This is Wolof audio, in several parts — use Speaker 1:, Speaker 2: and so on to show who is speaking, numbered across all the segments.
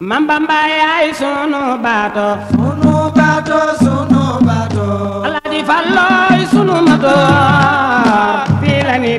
Speaker 1: Mamba Mbaye sunu baato. sunu baato sunu baato. Alaaji Fallu sunu moto. fii la ñuy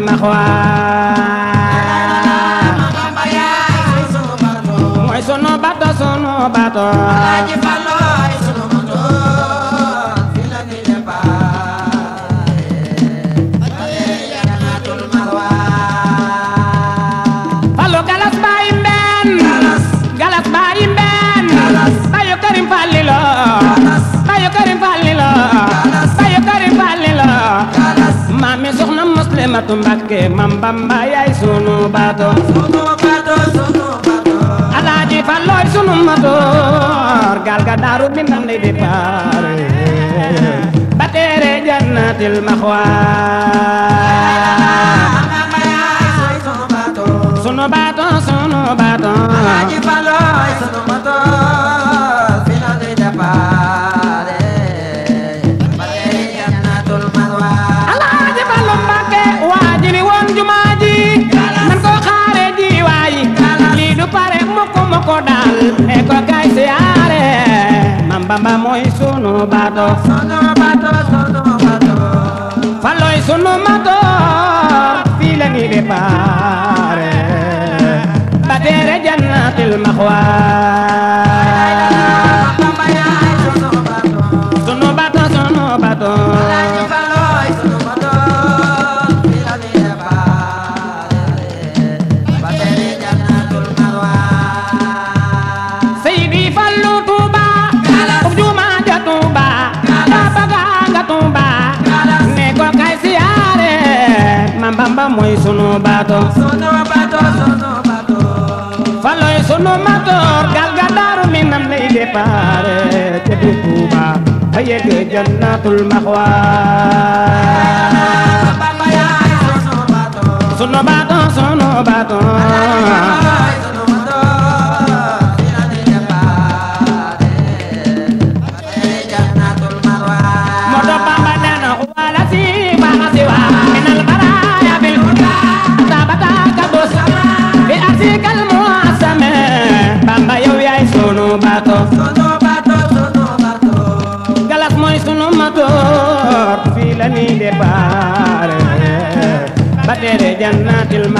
Speaker 1: maxwa mooy sunu bato sunu bato Mbàkke Mam Bamba yaay sunu baato sunu baato sunu baato Alaaji Fallu sunu motoor gaal ga daaru bi ndam lay départ ba teere jannatil maxwa sunu baato sunu baato Alaaji Fallu sunu motoor bi ndam lay départ ko daal e ko kay siyaare Bamba mooy sunu bato sunu bato sunu fii la ngi déparé ba teere jannatil maxwaa sunu baato sunu baato sunu baato faloy sunu matoor gal ga daaru mi nam lay déparé ca bi Tuuba ba yegg jannatul maxwa sunu baato sunu baato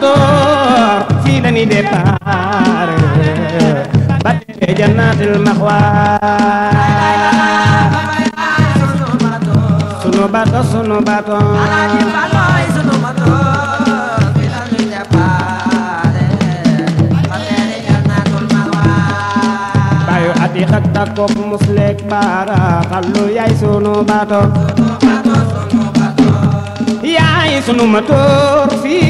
Speaker 1: ador fii la départ
Speaker 2: ba jannatul
Speaker 1: maxwa sunu bato sunu bato bayu ati xak muslek bara xallu yaay sunu bato yaay sunu motor fii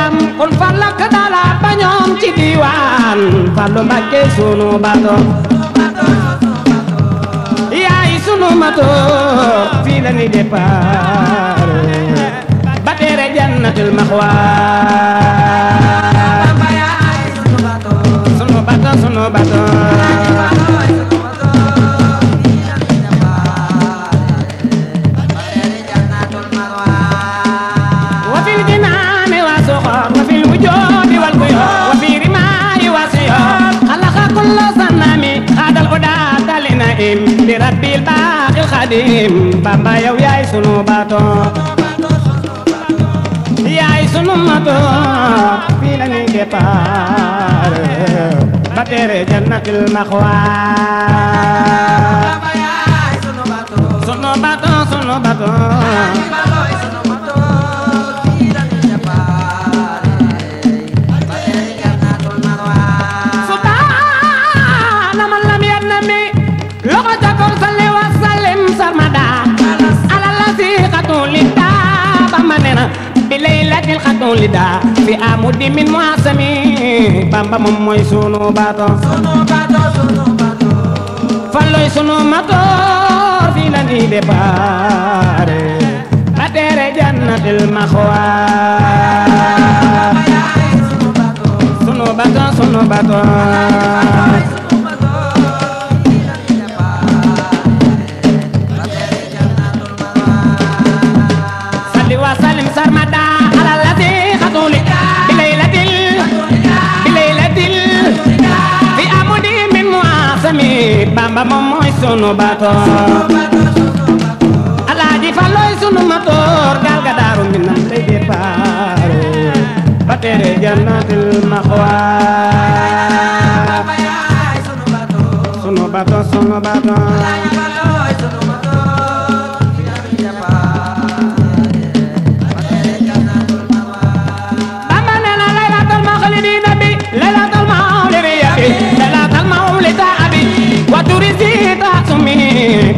Speaker 1: on falla kadala dala ci diwan fallo Mbàkke sunu bato yaay sunu mato fi la ni départ ba teere jannatul maxwa sunu bato sunu bato xadim di rabbil baaxil xadim bamba yow yaay sunu bato yaay sunu mato fii la ñuy départ ba tere jannatil maxwa sunu bato sunu bato wulida fi amudi min muasami bamba moom mooy sunu bato sunu
Speaker 2: bato sunu bato
Speaker 1: falloy sunu mato fi la ni dépare batere jannatil maxwa sunu bato sunu bato Salli wa salim sarmat bamba moom mooy sunu batoor alaaji falooy sunu matoor gaal ga daaru mi nan lay dépaaru ba tere jannatil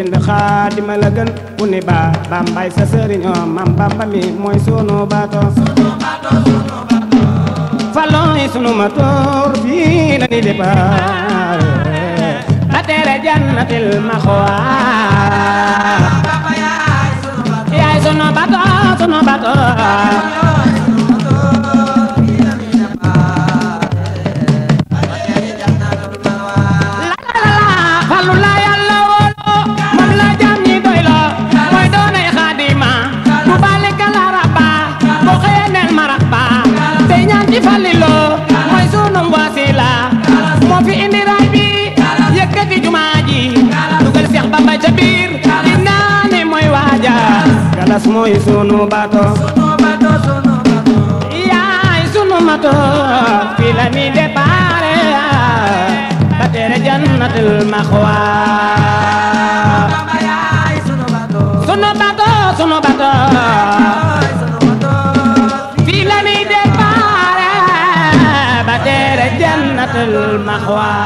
Speaker 1: bind xaadima la gën ku ni baa bambay sa sëriñoo oh, mam bamba mi mooy sunu baato faloy sunu matoor fii la ni départ ba teere jannatil maxwa yaay sunu bato sunu bato sëriñ Fallilu mooy sunu wasila moo fi indi raay bi yëkkati jumaa ji dugal Seex Jabir, ca biir di naane mooy waaja galas Isu sunu bato yaay sunu mato fi la ni déparé ba tere jannatul maxwa sunu ya, bato sunu bato المحوى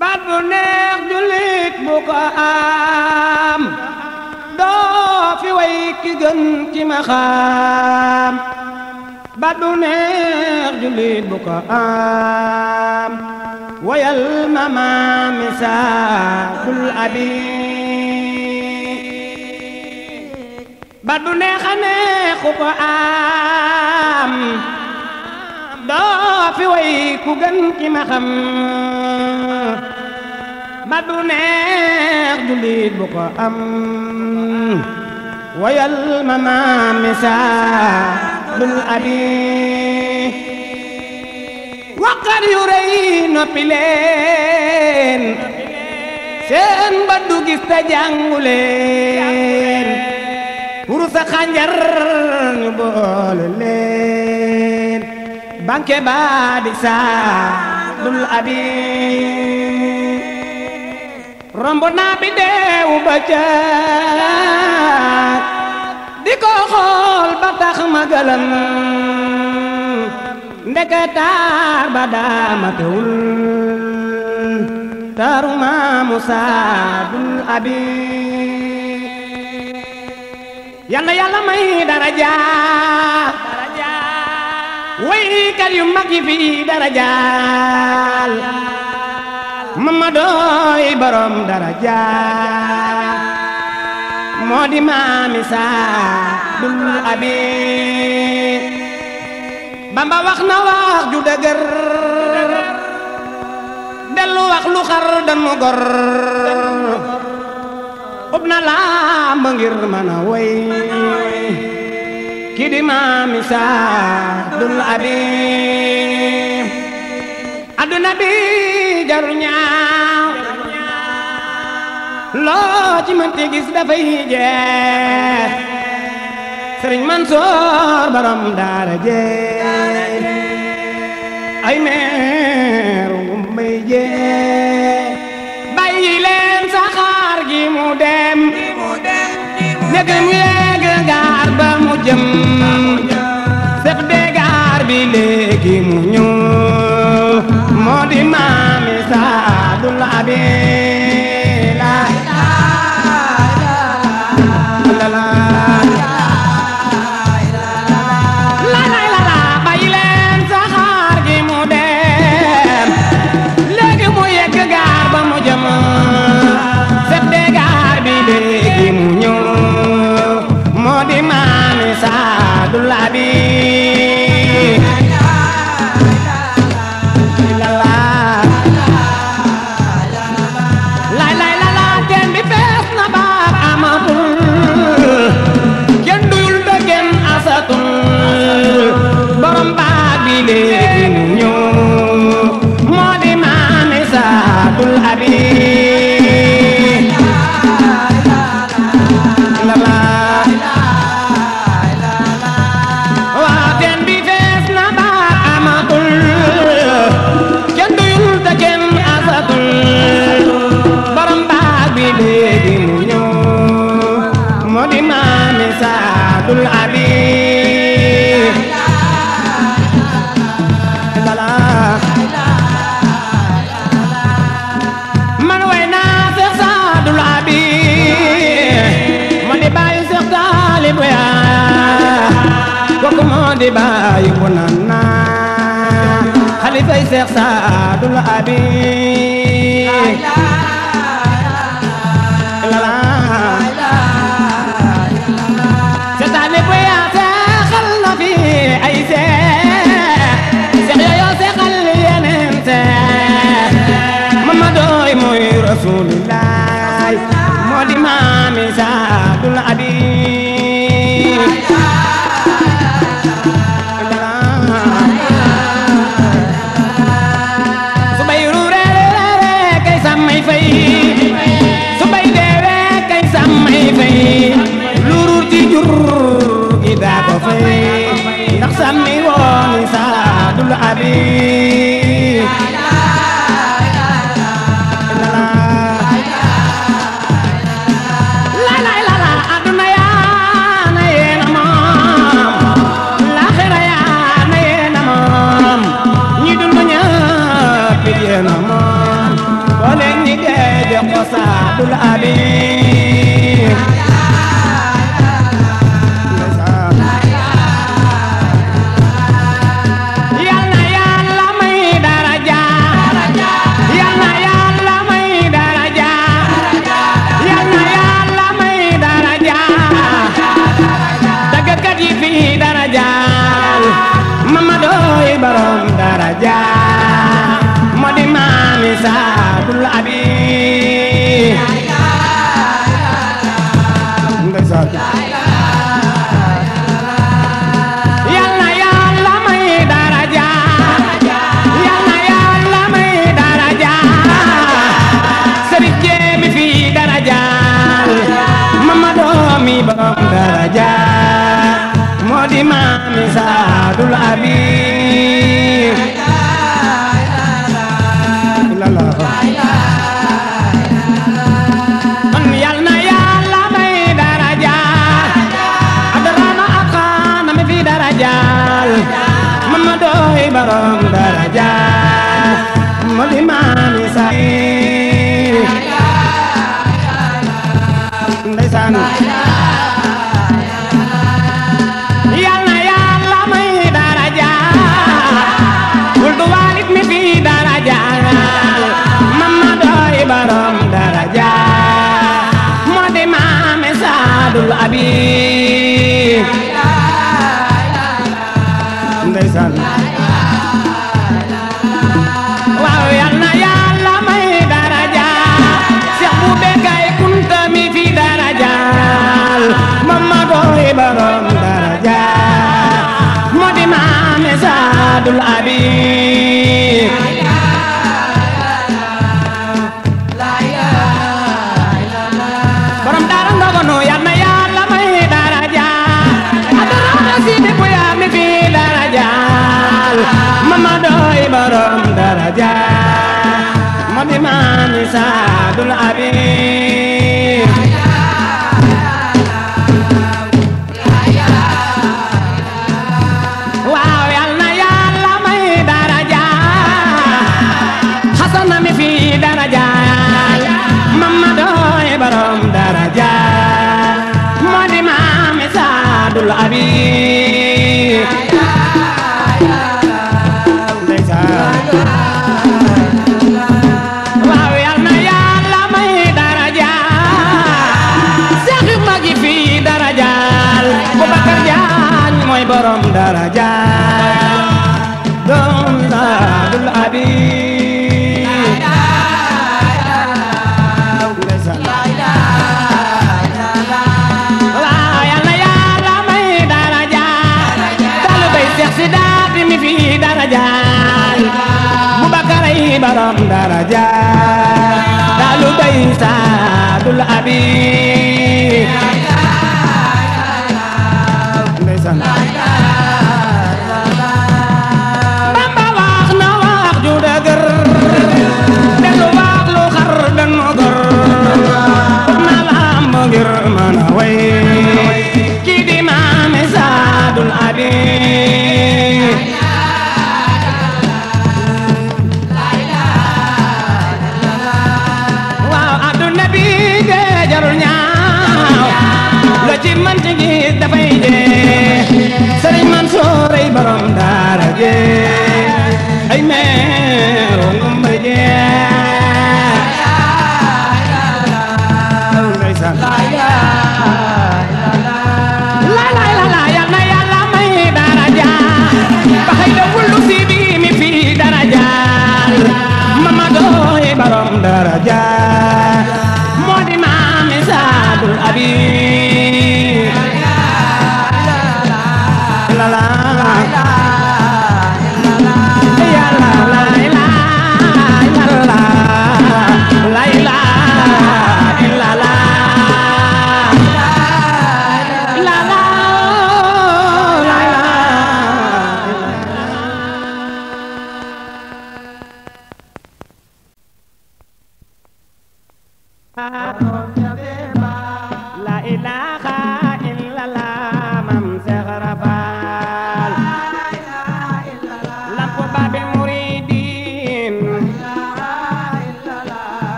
Speaker 1: baat bu neex jullit bu ko am doo fi way ki gën ci maxaam baat bu neex jullit bu ko am wayal ma maami saadul abi ba du neexa neexu ko am doo fi way ku gën ki ma xam ba du neex jullit bu ko am wayal ma maami saadul abi waqar yu rëy noppi leen seen ba gis te jàngu wurus ak xànjar ñu boole leen banque ba di saadul abi romb naa bi deewu ba ca di ko ba tax ma gëlëm ndeke taar ba daamatewul taaru maamu saadul abi yal na yàlla may daraja waykat yu mag yi fi darajaal mama dooy borom daraja moo di maami Saadul Abi Bamba wax na wax ju dëgër dellu wax lu xar danu gor hubna laa ma ngir mën a woy ki di abi adu nabi jarunya lo ci man te gis fay je sëriñ mansour baram dara je ay meeru mbay jeex dem yëgëm yëg gaar ba mu jëm sëf de gaar bi léegi mu ñëw الحبيب لا لا من وين في صاد الحبيب من باي سقطالب يا وكم دي باي كنا خليفه سقطالب الحبيب الأمين sabe. Abdul Aziz borom daraja dalu bay saadul abi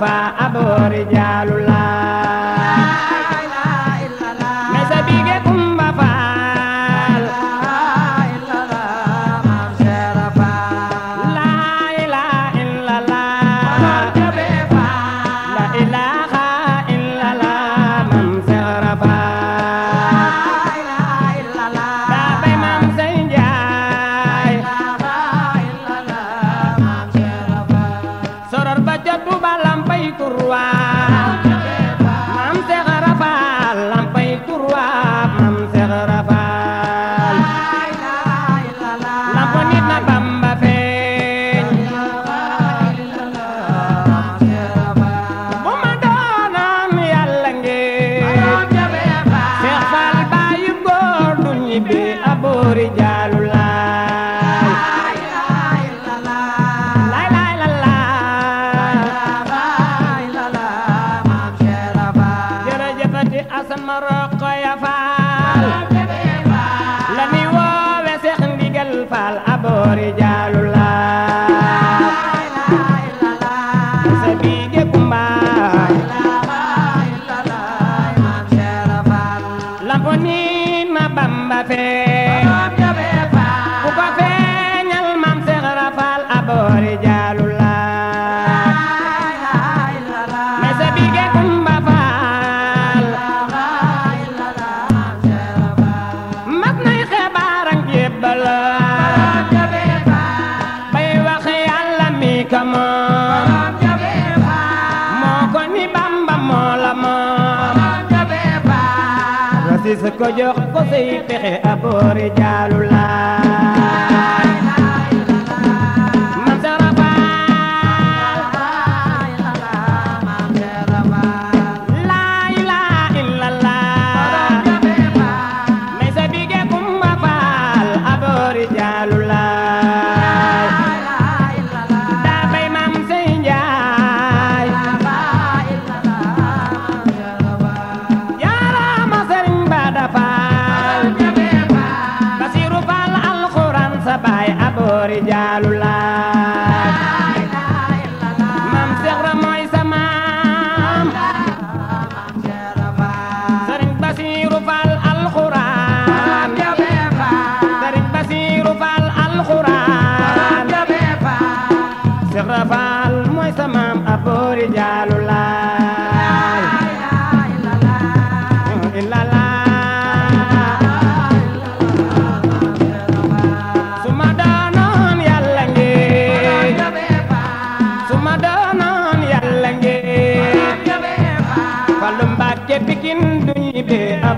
Speaker 1: fa aboori jaalu la abori ko jox ko say pexe aboori jaalu laa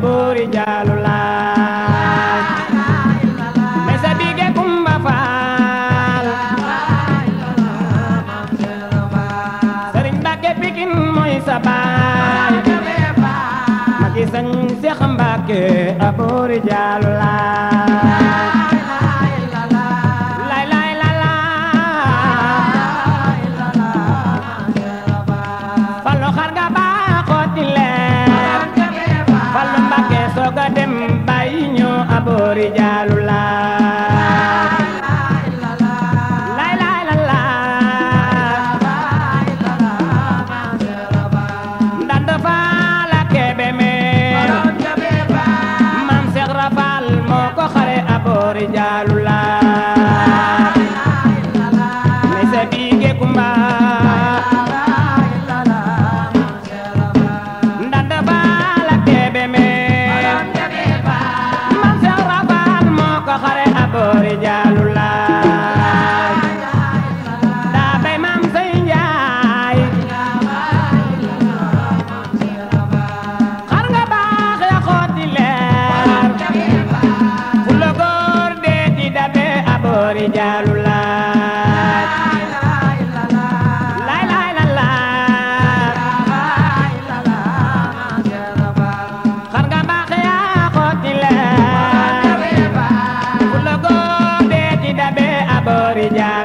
Speaker 1: buuri jaalu laay may sa kumba faal sëriñ Mbàkke Pikin mooy sa baay ma ki sañ a buuri jaalu laay Orilla Aborigine.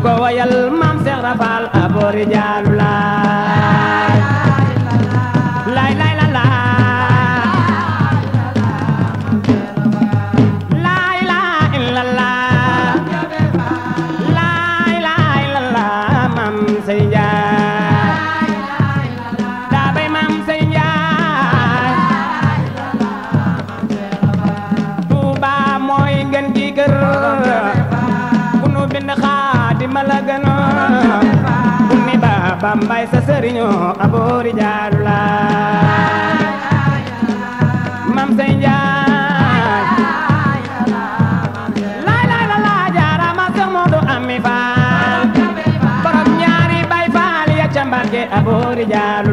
Speaker 1: ko wayal mam Seex Rafal abori jaalu mbay sa sëriñu aboori jaalu laay mam say njaay laay laay la laa jaara ma sëx moodu ami faal borom ñaari bay faal ya ca Mbàkke aboori jaalu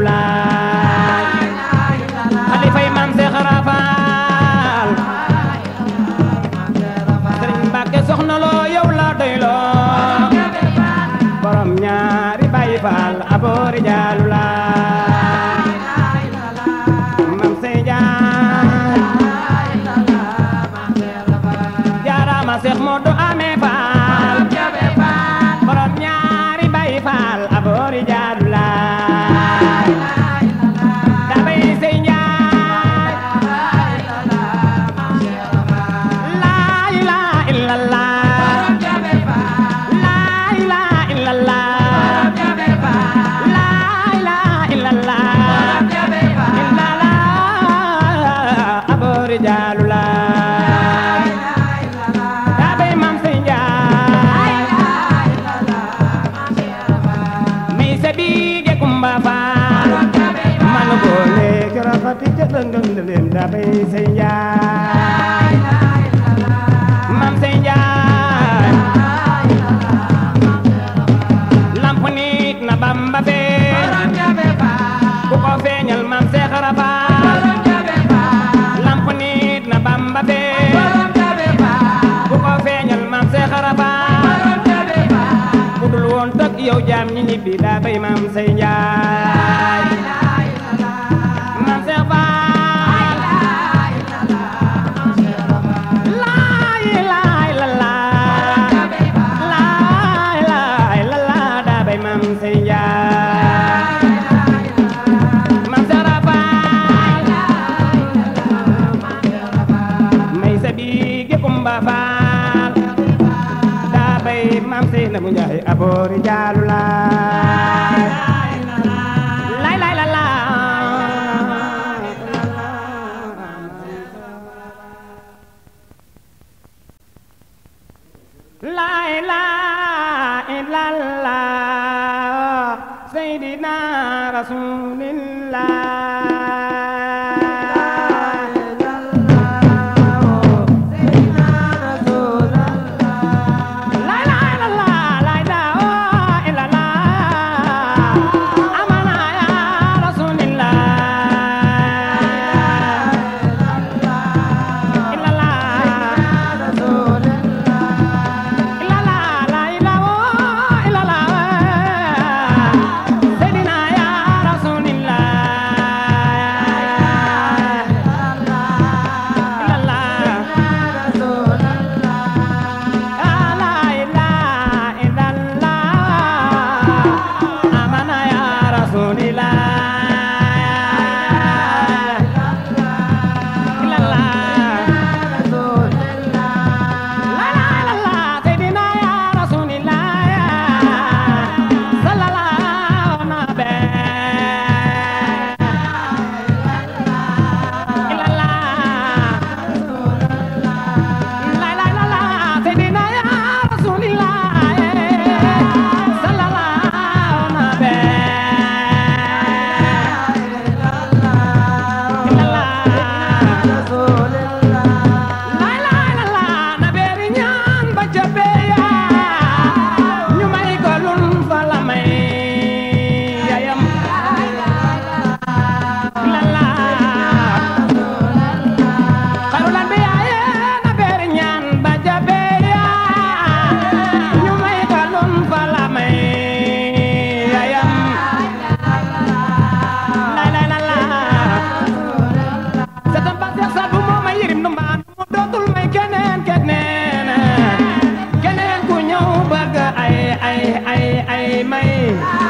Speaker 1: bay sëñ Njaay maam sëñ Njaay lamp nit na Bamba feeñ ku ko feeñal maam Seex Raba lamp nit na Bamba feeñ ku ko feeñal maam Seex Raba ku dul woon toog yow jaam ñi ñibbi daa bay maam sëñ Njaay Seynabu Njaay aboori jaalu laa may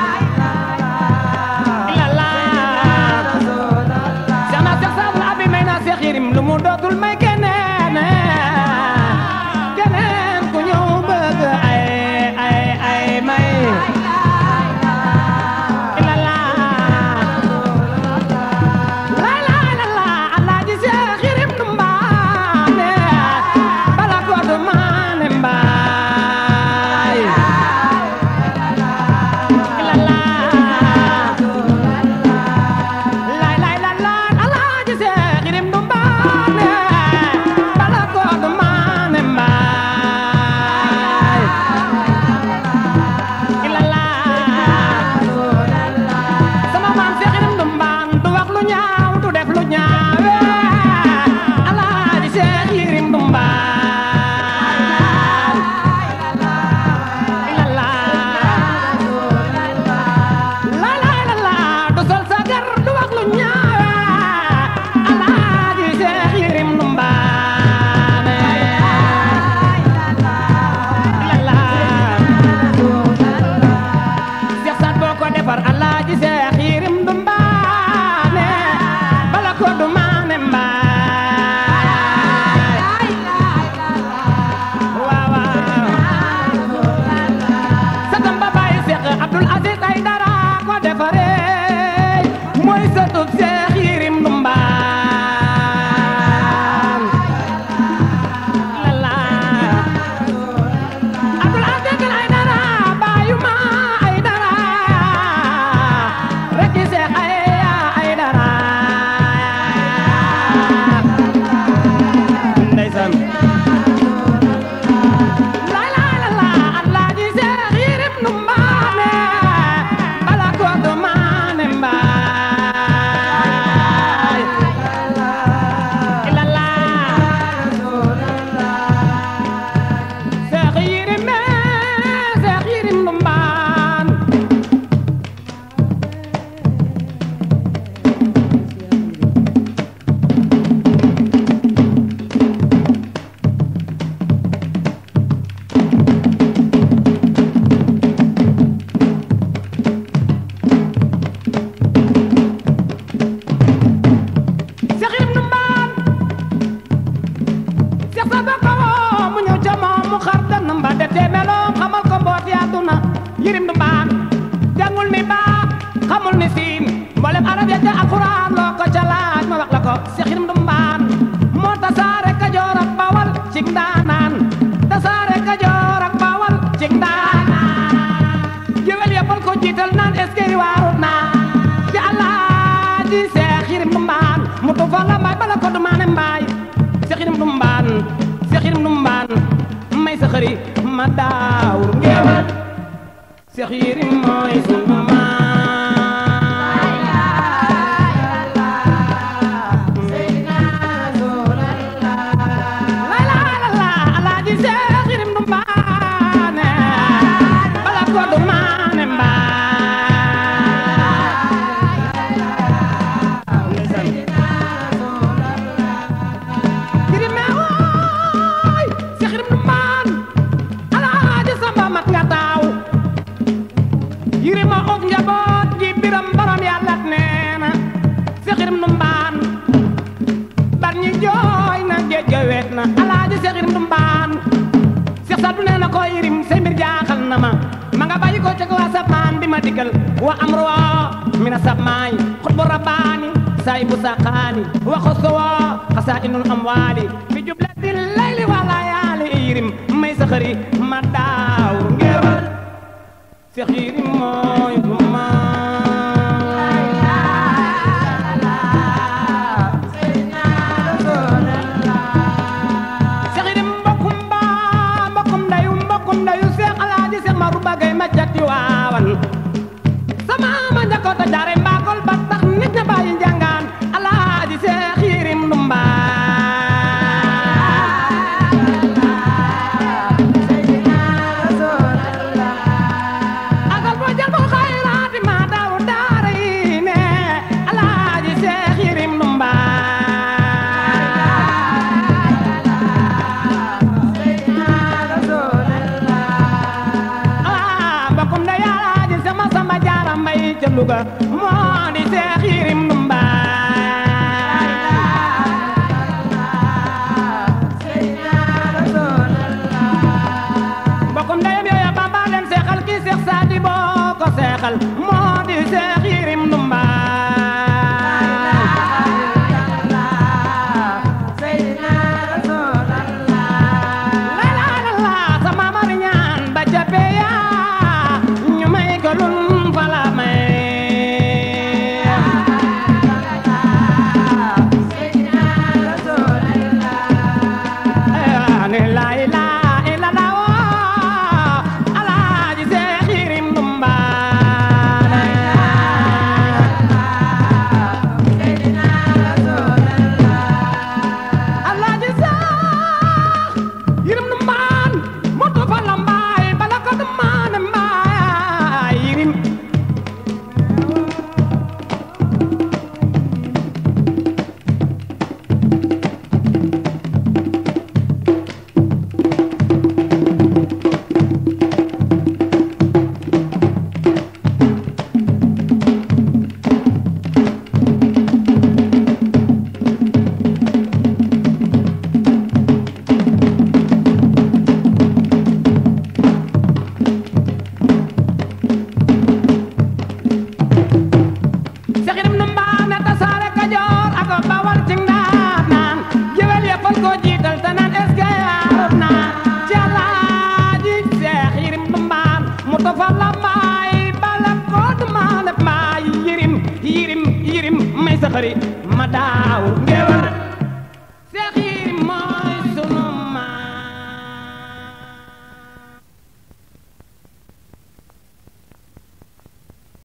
Speaker 1: my مساقاني وخصوا خسائن الأموال